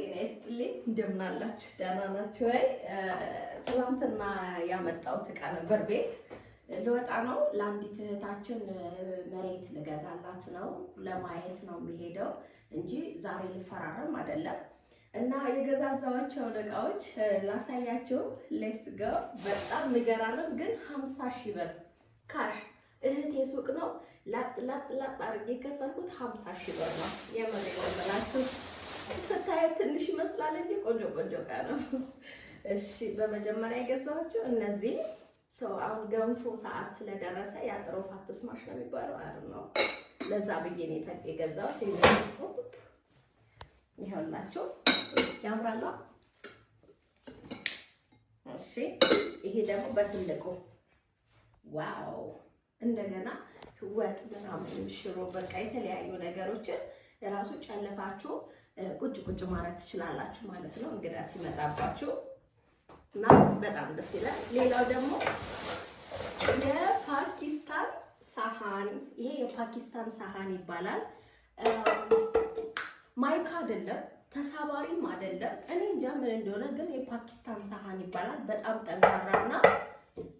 ጤና ይስጥልኝ። እንደምን አላችሁ? ደህና ናችሁ ወይ? ትናንትና ያመጣሁት ዕቃ ነበር ቤት ልወጣ ነው። ለአንዲት እህታችን መሬት ልገዛላት ነው፣ ለማየት ነው የሚሄደው እንጂ ዛሬ ልፈራረም አይደለም። እና የገዛዛዋቸውን እቃዎች ላሳያቸው። ሌስ ገው በጣም ንገራለም ግን ሀምሳ ሺህ ብር ካሽ እህት የሱቅ ነው ላጥ ላጥ ላጥ አድርጌ የከፈልኩት ሀምሳ ሺህ ብር ነው የመሬት ብላችሁ ስታየው ትንሽ ይመስላል እንጂ ቆንጆ ቆንጆ እቃ ነው። እሺ በመጀመሪያ የገዛኋቸው እነዚህ ሰው አሁን ገንፎ ሰዓት ስለደረሰ የአጥሮ ፋትስ ማሽ ነው የሚባለው አይደል ነው። ለዛ ብዬ ነው የገዛሁት። ይኸውላችሁ ያምራል። እሺ ይሄ ደግሞ በትልቁ ዋው! እንደገና ወጥ ምናምን ሽሮ በቃ የተለያዩ ነገሮችን የራሱ ጨልፋችሁ ቁጭ ቁጭ ማድረግ ትችላላችሁ ማለት ነው እንግዳ ሲመጣባችሁ እና በጣም ደስ ይላል። ሌላው ደግሞ የፓኪስታን ሳሃን፣ ይሄ የፓኪስታን ሳሃን ይባላል። ማይካ አይደለም ተሳባሪም አይደለም። እኔ እንጃ ምን እንደሆነ ግን የፓኪስታን ሳሃን ይባላል። በጣም ጠንካራና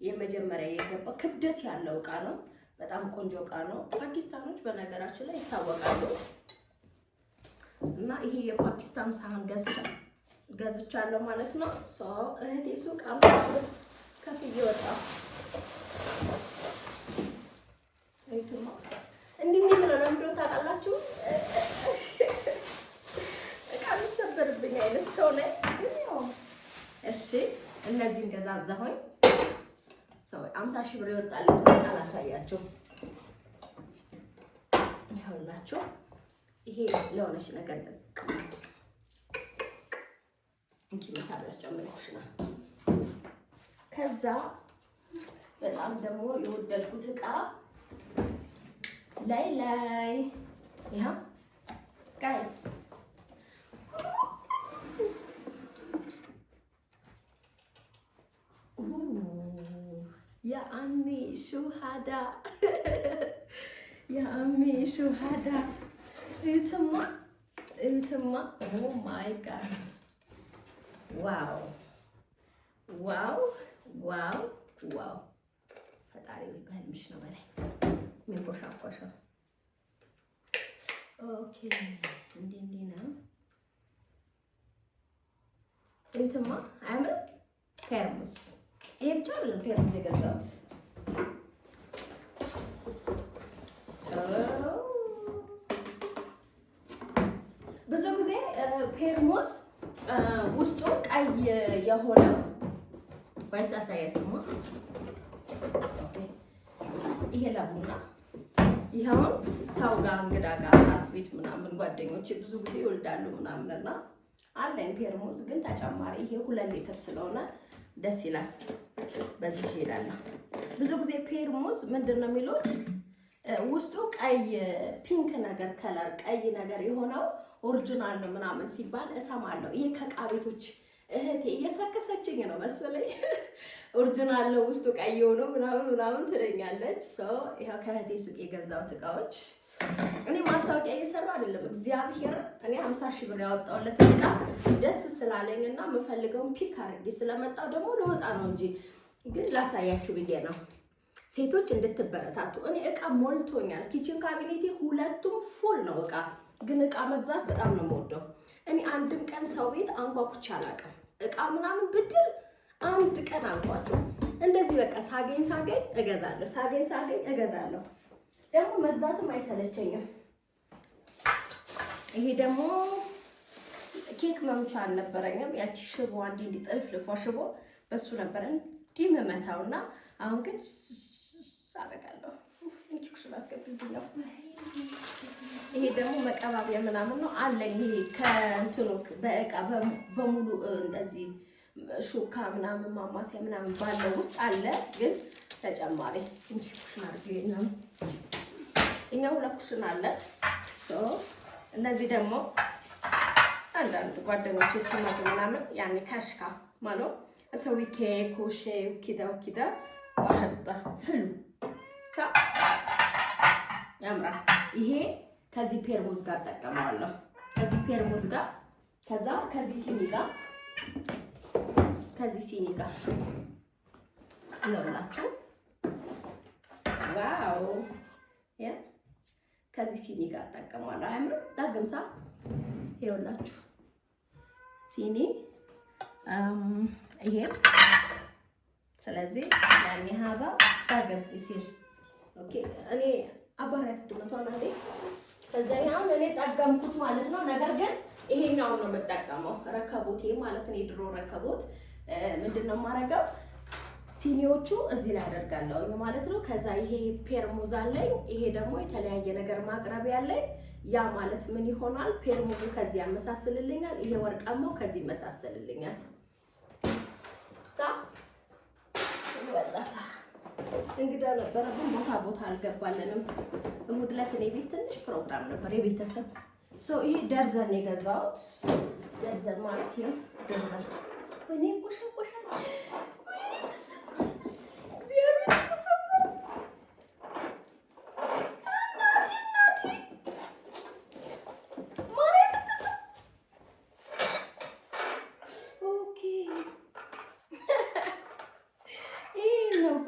የመጀመሪያ የገባ ክብደት ያለው እቃ ነው። በጣም ቆንጆ እቃ ነው። ፓኪስታኖች በነገራችን ላይ ይታወቃሉ። እና ይሄ የፓኪስታን ሳህን ገዝቻለሁ ማለት ነው። ሰው እህቴ ሱቅ አምሳብር ከፍዬ ወጣሁ። እህትማ እንዲህ እንዲህ ብሎ ለምዶ ታውቃላችሁ። እቃ የሚሰበርብኝ አይነት ሰው ላይ እሺ፣ እነዚህን ገዛዛሁኝ። ሰው አምሳ ሺህ ብር ይወጣል። አላሳያችሁ ይኸውላችሁ ይሄ ለሆነች ነገር እንደዚህ እንኪ መሳቢያ ነው። ከዛ በጣም ደግሞ የወደድኩት እቃ ላይ ላይ ይሃ ጋይስ የአሚ ሹሃዳ የአሚ ሹሃዳ እህትማ እህትማ ኦ ማይ ጋድ ዋው ዋው ዋው ዋው ፈጣሪ በህልምሽ ነው በላይ የሚንቆሻቆሸው። ኦኬ እንዲህ እንዲህ ነው እህትማ አያምርም። ፌርሙስ ይሄ ብቻ አይደለም ፌርሙስ የገዛሁት ብዙ ጊዜ ፔርሙስ ውስጡ ቀይ የሆነ ወይስ ላሳያችሁ። ይሄ ለቡና ይኸውን ሰው ጋር እንግዳ ጋር አስቤት ምናምን ጓደኞቼ ብዙ ጊዜ ይወልዳሉ ምናምንና አለኝ ፔርሙዝ ግን ተጨማሪ ይሄ ሁለት ሊትር ስለሆነ ደስ ይላል። በዚህ እሄዳለሁ። ብዙ ጊዜ ፔርሙዝ ምንድን ነው የሚሉት ውስጡ ቀይ ፒንክ ነገር ከለር ቀይ ነገር የሆነው ኦሪጂናል ነው ምናምን ሲባል እሰማለሁ። ይሄ ከእቃ ቤቶች እህቴ እየሰከሰችኝ ነው መሰለኝ። ኦሪጂናል ነው ውስጡ ቀይ ነው ምናምን ምናምን ትለኛለች። ሰው ይኸው ከእህቴ ሱቅ የገዛሁት እቃዎች እኔ ማስታወቂያ እየሰራሁ አይደለም። እግዚአብሔር እኔ ሀምሳ ሺህ ብር ያወጣሁለት ዕቃ ደስ ስላለኝ እና የምፈልገውን ፒክ አድርጌ ስለመጣሁ ደግሞ ልወጣ ነው እንጂ ግን ላሳያችሁ ብዬ ነው። ሴቶች እንድትበረታቱ እኔ እቃ ሞልቶኛል። ኪችን ካቢኔቴ ሁለቱም ፉል ነው እቃ። ግን እቃ መግዛት በጣም ነው የምወደው። እኔ አንድም ቀን ሰው ቤት አንኳኩቼ አላውቅም። እቃ ምናምን ብድር አንድ ቀን አልኳቸው። እንደዚህ በቃ ሳገኝ ሳገኝ እገዛለሁ፣ ሳገኝ ሳገኝ እገዛለሁ። ደግሞ መግዛትም አይሰለቸኝም። ይሄ ደግሞ ኬክ መምቻ አልነበረኝም። ያቺ ሽቦ አንዴ እንዲጠልፍልፏ ሽቦ በሱ ነበር እንዲህ መመታውና አሁን ግን አደርጋለሁ እንኪኩሽን አስገቢው ይሄ ደግሞ መቀባቢያ ምናምን ነው አለኝ። ይሄ ከእንትኑ በእቃ በሙሉ እንደዚህ ሹካ ምናምን ማማሲያ ምናምን ባለው ውስጥ አለ። ግን ተጨማሪ እንኪኩሽን እኛ ሁለት ኩሽን አለ። እነዚህ ደግሞ አንዳንድ ጓደኞች ሲመጡ ምናምን ያኔ ካሽካ ማለት ሰዊ ኬ ኮሼ ኪዳ ኪዳ ዋህጣ ህሉ ያምራል። ይሄ ከዚህ ፔርሙዝ ጋር እጠቀመዋለሁ። ከዚህ ፔርሙዝ ጋር ከዛ ከዚህ ሲኒ ጋር ከዚህ ሲኒ ጋር ይኸውላችሁ። ዋው! ከዚህ ሲኒ ጋር እጠቀመዋለሁ። አያምርም? ዳግምሳ ይኸውላችሁ ሲኒ ይሄ ስለዚህ ያኔ ሀባ ዳግም ይሲል ኦኬ እኔ አባራት ድመቷን አንዴ ከዛ አሁን እኔ ጠቀምኩት ማለት ነው። ነገር ግን ይሄኛውን ነው የምጠቀመው ረከቦት፣ ይሄ ማለት ነው የድሮ ረከቦት። ምንድን ነው የማደርገው ሲኒዎቹ እዚህ ላይ አደርጋለሁ ማለት ነው። ከዛ ይሄ ፔርሙዝ አለኝ፣ ይሄ ደግሞ የተለያየ ነገር ማቅረቢያ አለኝ። ያ ማለት ምን ይሆናል? ፔርሙዙ ከዚህ ያመሳስልልኛል፣ ይሄ ወርቃማው ከዚህ ይመሳስልልኛል ሳ ይበላሳ እንግዳ ነበረብን። ቦታ ቦታ አልገባለንም። እሑድ ዕለት እኔ ቤት ትንሽ ፕሮግራም ነበር የቤተሰብ ሰው። ይሄ ደርዘን የገዛሁት ደርዘን ማለት ይሄ ደርዘን ወይኔ ቆሻ ቆሻ ወይኔ ተሰ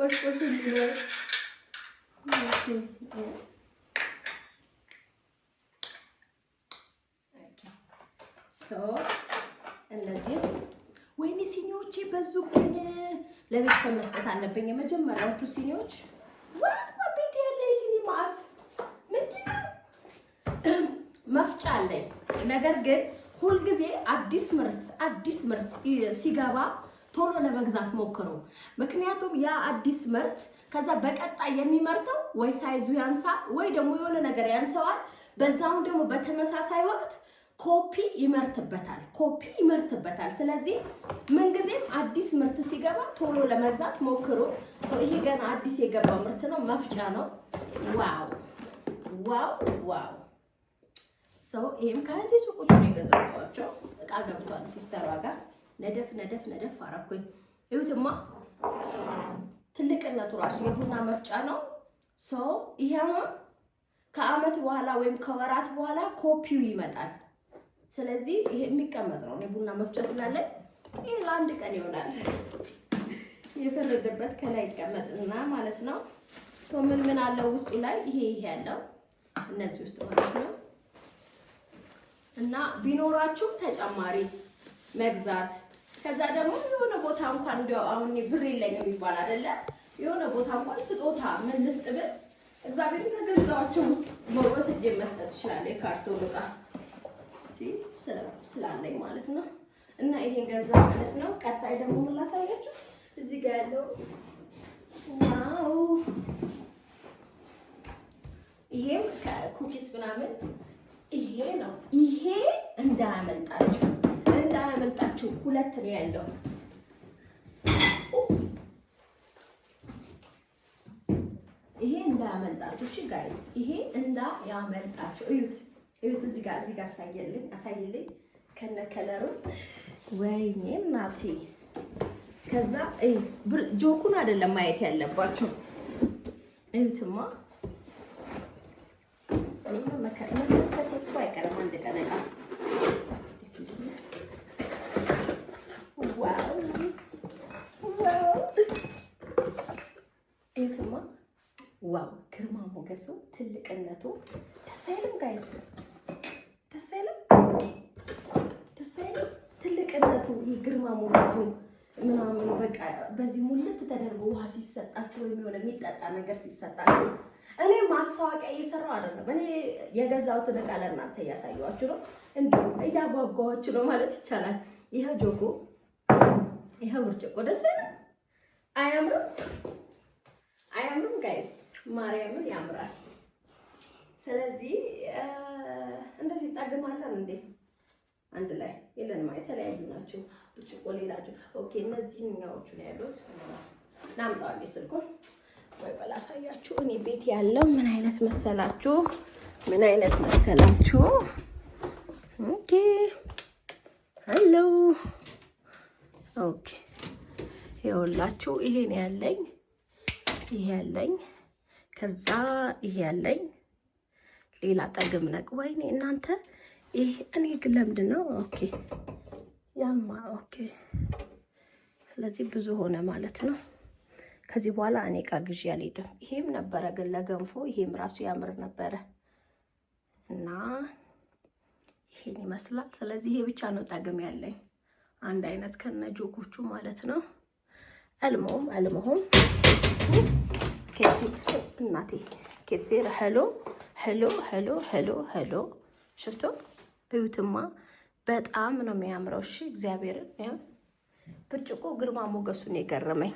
koş koş gidiyor. ወይኔ ሲኒዎቼ በዙብኝ። ለቤተሰብ መስጠት አለብኝ። የመጀመሪያዎቹ ሲኒዎች ቤት ያለ ሲኒ ማዕት ምንድን መፍጫ አለኝ። ነገር ግን ሁልጊዜ አዲስ ምርት አዲስ ምርት ሲገባ ቶሎ ለመግዛት ሞክሩ። ምክንያቱም ያ አዲስ ምርት ከዛ በቀጣይ የሚመርተው ወይ ሳይዙ ያንሳል ወይ ደግሞ የሆነ ነገር ያንሰዋል። በዛውም ደግሞ በተመሳሳይ ወቅት ኮፒ ይመርትበታል ኮፒ ይመርትበታል። ስለዚህ ምንጊዜም አዲስ ምርት ሲገባ ቶሎ ለመግዛት ሞክሩ። ይሄ ገና አዲስ የገባ ምርት ነው፣ መፍጫ ነው። ዋው ዋው ዋው! ሰው ይህም ከእህቴ ሱቆች ነው የገዛቸዋቸው። እቃ ገብቷል ሲስተሯ ጋር ነደፍ ነደፍ ነደፍ አረኩኝ። እዩትማ ትልቅነቱ ራሱ የቡና መፍጫ ነው። ሰው ይሄ ከአመት በኋላ ወይም ከወራት በኋላ ኮፒው ይመጣል። ስለዚህ ይሄ የሚቀመጥ ነው። የቡና መፍጫ ስላለ ይሄ ለአንድ ቀን ይሆናል የፈረደበት ከላይ ይቀመጥና ማለት ነው። ሰው ምን ምን አለው ውስጡ ላይ ይሄ ይሄ ያለው እነዚህ ውስጥ ማለት ነው እና ቢኖራችሁ ተጨማሪ መግዛት ከዛ ደግሞ የሆነ ቦታ እንኳን እንዲያው አሁን ብር የለኝም ይባል አይደለ? የሆነ ቦታ እንኳን ስጦታ ምን ልስጥ ብል እግዚአብሔር ከገዛዋቸው ውስጥ ወስጄ መስጠት እችላለሁ። የካርቶን ዕቃ ስላለኝ ማለት ነው። እና ይሄን ገዛ ማለት ነው። ቀጣይ ደግሞ ምን ላሳያችሁ እዚህ ጋር ያለው ዋው፣ ይሄም ከኩኪስ ምናምን ይሄ ነው። ይሄ እንዳያመልጣችሁ ሁለት አያመልጣችሁ። ሁለት ነው ያለው። ይሄ እንዳያመልጣችሁ። እሺ ጋይስ፣ ይሄ እንዳያመልጣችሁ። እዩት፣ እዩት። እዚህ ጋር እዚህ ጋር አሳየልኝ፣ አሳየልኝ ከነ ከለሩ። ወይኔ እናቴ! ከዛ ጆኩን አይደለም ማየት ያለባችሁ። እዩትማ መከስከሴ እኮ አይቀርም አንድ ቀን ዕቃ ሞገሱ ትልቅነቱ ደስ አይልም? ጋይስ ደስ አይልም? ደስ አይልም? ትልቅነቱ የግርማ ሞገሱ ምናምን በቃ በዚህ ሙልት ተደርጎ ውሃ ሲሰጣችሁ ወይም የሆነ የሚጠጣ ነገር ሲሰጣችሁ፣ እኔ ማስታወቂያ እየሰራው አይደለም። እኔ የገዛሁትን ዕቃ ለእናንተ እያሳየኋችሁ ነው፣ እንዲሁም እያጓጓኋችሁ ነው ማለት ይቻላል። ይኸው ጆጎ፣ ይኸው ብርጭቆ ደስ አይልም? አያምርም? ጋይስ ማርያምን ያምራል። ስለዚህ እንደዚህ ይጣግማለን እንዴ? አንድ ላይ የለንማ፣ የተለያዩ ናቸው። ብርጭቆ ሌላቸው። ኦኬ፣ እነዚህ እኛዎቹ ነው ያሉት። ናምጣዋል ስልኩን ወይ በላ አሳያችሁ። እኔ ቤት ያለው ምን አይነት መሰላችሁ? ምን አይነት መሰላችሁ? ኦኬ፣ ሄሎ፣ ኦኬ፣ ይኸውላችሁ ይሄን ያለኝ ይሄ ያለኝ፣ ከዛ ይሄ ያለኝ ሌላ ጠግም ነቅ። ወይኔ እናንተ ይሄ እኔ ግን ለምንድን ነው ኦኬ፣ ያማ ኦኬ። ስለዚህ ብዙ ሆነ ማለት ነው። ከዚህ በኋላ እኔ እቃ ግዢ አልሄድም። ይሄም ነበረ ግን ለገንፎ ይሄም ራሱ ያምር ነበረ እና ይሄን ይመስላል። ስለዚህ ይሄ ብቻ ነው ጠግም ያለኝ አንድ አይነት ከነ ጆኮቹ ማለት ነው። አልሞም አልሞም እናቴ ኬር ሄሎ ሄሎ ሄሎ ሄሎ ሄሎ ሽፍቶ እዩትማ፣ በጣም ነው የሚያምረው። እሺ እግዚአብሔርን ብርጭቆ ግርማ ሞገሱን የገረመኝ።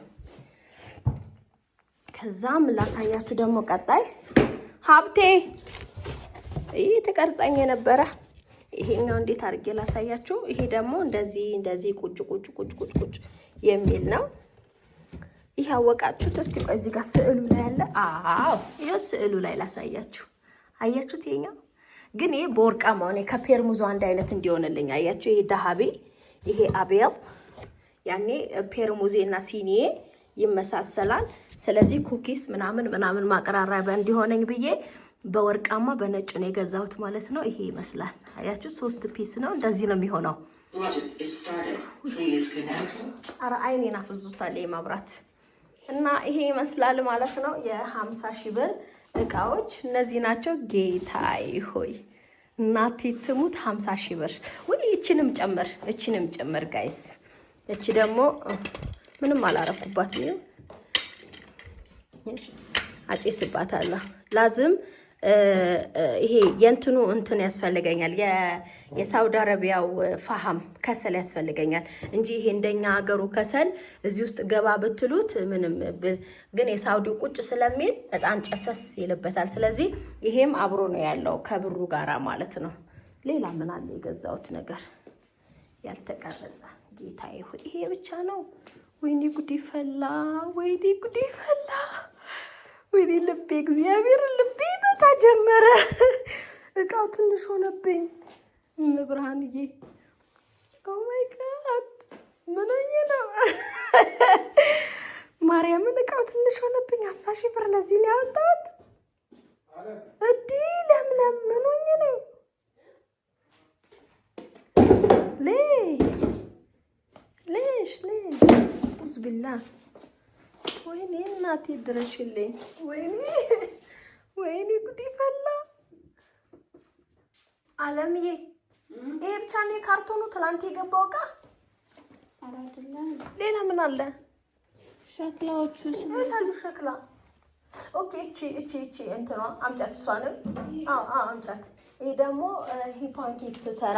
ከዛም ላሳያችሁ ደግሞ ቀጣይ ሀብቴ ይህ ተቀርጸኝ የነበረ ይሄኛው እንዴት አድርጌ ላሳያችሁ። ይሄ ደግሞ እንደዚህ እንደዚህ ቁጭ ቁጭ ቁጭ ቁጭ ቁጭ የሚል ነው። ይህ ያወቃችሁት። እስቲ ቆይ እዚህ ጋር ስዕሉ ላይ ያለ አዎ፣ ይሄው ስዕሉ ላይ ላሳያችሁ። አያችሁት? ይሄኛው ግን ይሄ በወርቃማ ነው። ከፔርሙዞ አንድ አይነት እንዲሆንልኝ አያችሁ? ይሄ ዳሃቤ፣ ይሄ አቤል። ያኔ ፔርሙዜ እና ሲኒዬ ይመሳሰላል። ስለዚህ ኩኪስ ምናምን ምናምን ማቀራረቢያ እንዲሆነኝ ብዬ በወርቃማ በነጭ ነው የገዛሁት ማለት ነው። ይሄ ይመስላል አያችሁ፣ ሶስት ፒስ ነው። እንደዚህ ነው የሚሆነው። ኧረ አይኔን አፍዙታል ማብራት እና ይሄ ይመስላል ማለት ነው። የሀምሳ ሺህ ብር እቃዎች እነዚህ ናቸው። ጌታዬ ሆይ እናቴ ትሙት ሀምሳ ሺህ ብር ወይ እችንም ጨምር እችንም ጨምር ጋይስ። እቺ ደግሞ ምንም አላረኩባት አጨስባታለሁ ላዝም ይሄ የእንትኑ እንትን ያስፈልገኛል። የሳውዲ አረቢያው ፋሃም ከሰል ያስፈልገኛል እንጂ ይሄ እንደኛ ሀገሩ ከሰል እዚህ ውስጥ ገባ ብትሉት ምንም፣ ግን የሳውዲው ቁጭ ስለሚል በጣም ጨሰስ ይልበታል። ስለዚህ ይሄም አብሮ ነው ያለው ከብሩ ጋራ ማለት ነው። ሌላ ምን አለ የገዛሁት ነገር ያልተቀረጸ? ጌታዬ ይሄ ብቻ ነው። ወይኔ ጉዲ ፈላ፣ ወይኔ ጉዲ ፈላ። ወይኔ ልቤ እግዚአብሔር ልቤ መታ ጀመረ። እቃው ትንሽ ሆነብኝ። ብርሃንዬ ማይ ጋድ ምንኝ ነው ማርያምን፣ እቃው ትንሽ ሆነብኝ። ሀምሳ ሺህ ብር ለዚህ ነው ያወጣሁት። ለምለም ምንኝ ነው ሌሽ ሌሽ ኡዝ ቢላ ወይኔ እናቴ ድረሽልኝ። ወይኔ ወይኔ ጉዴ ፈላ። አለምዬ ይሄ ብቻ ነው የካርቶኑ ትናንት የገባው እቃ ሌላ ምን አለ? ሸክላዎቹ ይላሉ። ሸክላ ኦኬ። እቺ እቺ እቺ እንትኗ አምጫት፣ እሷንም አዎ፣ አዎ አምጫት። ይሄ ደግሞ ይሄ ስሰራ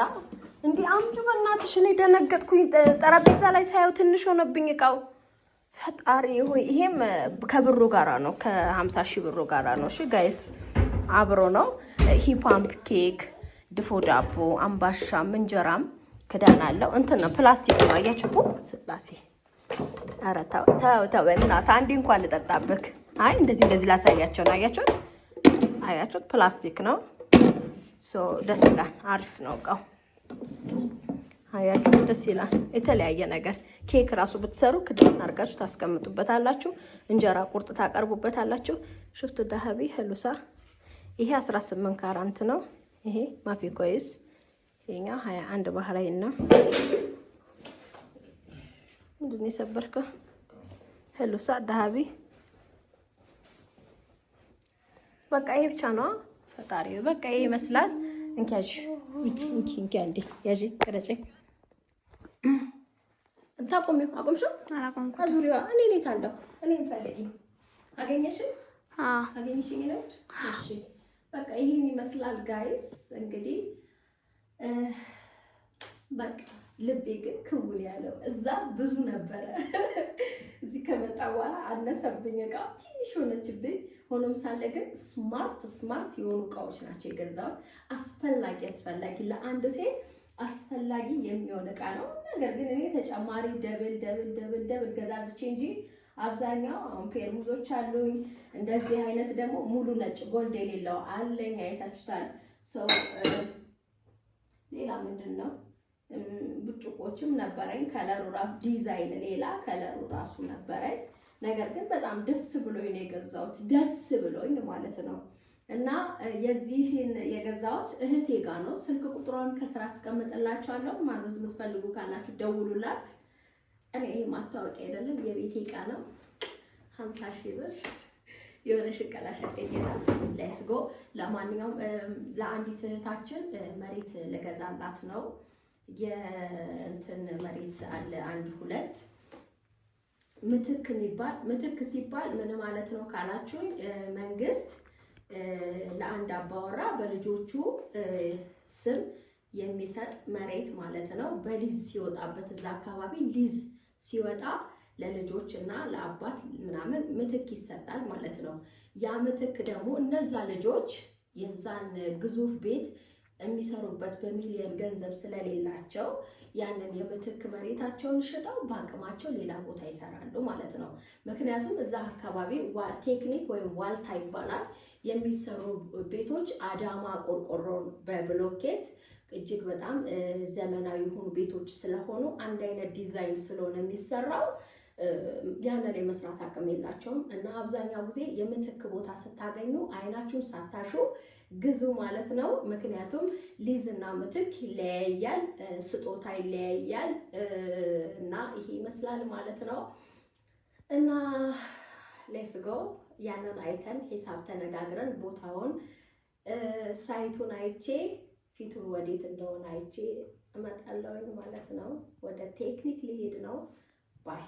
እንዲህ አምጩ በእናትሽ። እኔ ደነገጥኩኝ። ጠረጴዛ ላይ ሳየው ትንሽ ሆነብኝ እቃው ፈጣሪ ሆይ ይሄም ከብሩ ጋራ ነው፣ ከሀምሳ ሺህ ብሩ ጋራ ነው። እሺ ጋይስ አብሮ ነው። ሂፓምፕ ኬክ፣ ድፎ ዳቦ፣ አምባሻም እንጀራም ክዳን አለው። እንትን ነው ፕላስቲክ ነው። አያችሁ ስላሴ። ኧረ ተው ተው ተው በእናትህ አንዴ እንኳን ልጠጣብህ። አይ እንደዚህ እንደዚህ ላሳያቸው ነው። አያችሁ አያችሁ ፕላስቲክ ነው። ሶ ደስ ይላል። አሪፍ ነው እቃው። አያችሁ ደስ ይላል። የተለያየ ነገር ኬክ ራሱ ብትሰሩ ክዳን አድርጋችሁ ታስቀምጡበታላችሁ። እንጀራ ቁርጥ ታቀርቡበታላችሁ። ሽፍቱ ዳሀቢ ህሉሳ ይሄ 18 ካራንት ነው። ይሄ ማፊኮይስ ኮይስ ይሄኛው 21 ባህላዊ ነው። ምንድን ነው የሰበርከው? ህሉሳ ዳሀቢ በቃ ይሄ ብቻ ነው። ፈጣሪ በቃ ይሄ ይመስላል እንኪያሽ እንኪ አንዴ ያዥ እኔ ኔት አለሁ እኔ ፈልጊ አገኘሽን አገኘሽኝ ነች። በቃ ይሄን ይመስላል ጋይስ እንግዲህ በቃ ልቤ ግን ክውን ያለው እዛ ብዙ ነበረ። እዚህ ከመጣ በኋላ አነሰብኝ እቃ ትንሽ ሆነችብኝ። ሆኖም ሳለ ግን ስማርት ስማርት የሆኑ እቃዎች ናቸው የገዛሁት። አስፈላጊ አስፈላጊ ለአንድ ሴት አስፈላጊ የሚሆን እቃ ነው። ነገር ግን እኔ ተጨማሪ ደብል ደብል ደብል ደብል ገዛዝቼ እንጂ አብዛኛው አሁን ፔርሙዞች አሉኝ። እንደዚህ አይነት ደግሞ ሙሉ ነጭ ጎልድ የሌለው አለኝ። አይታችሁታል። ሰው ሌላ ምንድን ነው ብርጭቆችም ነበረኝ። ከለሩ ራሱ ዲዛይን ሌላ ከለሩ ራሱ ነበረኝ። ነገር ግን በጣም ደስ ብሎኝ ነው የገዛሁት። ደስ ብሎኝ ማለት ነው። እና የዚህን የገዛሁት እህቴ ጋ ነው። ስልክ ቁጥሯን ከስራ አስቀምጥላችኋለሁ። ማዘዝ የምትፈልጉ ካላችሁ ደውሉላት። እኔ ይሄ ማስታወቂያ አይደለም፣ የቤቴ እቃ ነው። ሀምሳ ሺህ ብር የሆነ ሽቀላ ሸቀኝላል ላይስጎ ለማንኛውም ለአንዲት እህታችን መሬት ልገዛላት ነው የእንትን መሬት አለ አንድ ሁለት ምትክ የሚባል ምትክ ሲባል ምን ማለት ነው ካላችሁ መንግስት ለአንድ አባወራ በልጆቹ ስም የሚሰጥ መሬት ማለት ነው። በሊዝ ሲወጣበት እዛ አካባቢ ሊዝ ሲወጣ ለልጆች እና ለአባት ምናምን ምትክ ይሰጣል ማለት ነው። ያ ምትክ ደግሞ እነዛ ልጆች የዛን ግዙፍ ቤት የሚሰሩበት በሚሊየን ገንዘብ ስለሌላቸው ያንን የምትክ መሬታቸውን ሽጠው በአቅማቸው ሌላ ቦታ ይሰራሉ ማለት ነው። ምክንያቱም እዛ አካባቢ ቴክኒክ ወይም ዋልታ ይባላል የሚሰሩ ቤቶች አዳማ ቆርቆሮ በብሎኬት እጅግ በጣም ዘመናዊ የሆኑ ቤቶች ስለሆኑ አንድ አይነት ዲዛይን ስለሆነ የሚሰራው ያንን የመስራት አቅም የላቸውም እና አብዛኛው ጊዜ የምትክ ቦታ ስታገኙ አይናችሁን ሳታሹ ግዙ ማለት ነው። ምክንያቱም ሊዝና ምትክ ይለያያል፣ ስጦታ ይለያያል እና ይሄ ይመስላል ማለት ነው እና ሌስ ጎ ያንን አይተን ሂሳብ ተነጋግረን ቦታውን ሳይቱን አይቼ ፊቱን ወዴት እንደሆነ አይቼ እመጣለሁ ማለት ነው። ወደ ቴክኒክ ሊሄድ ነው ባይ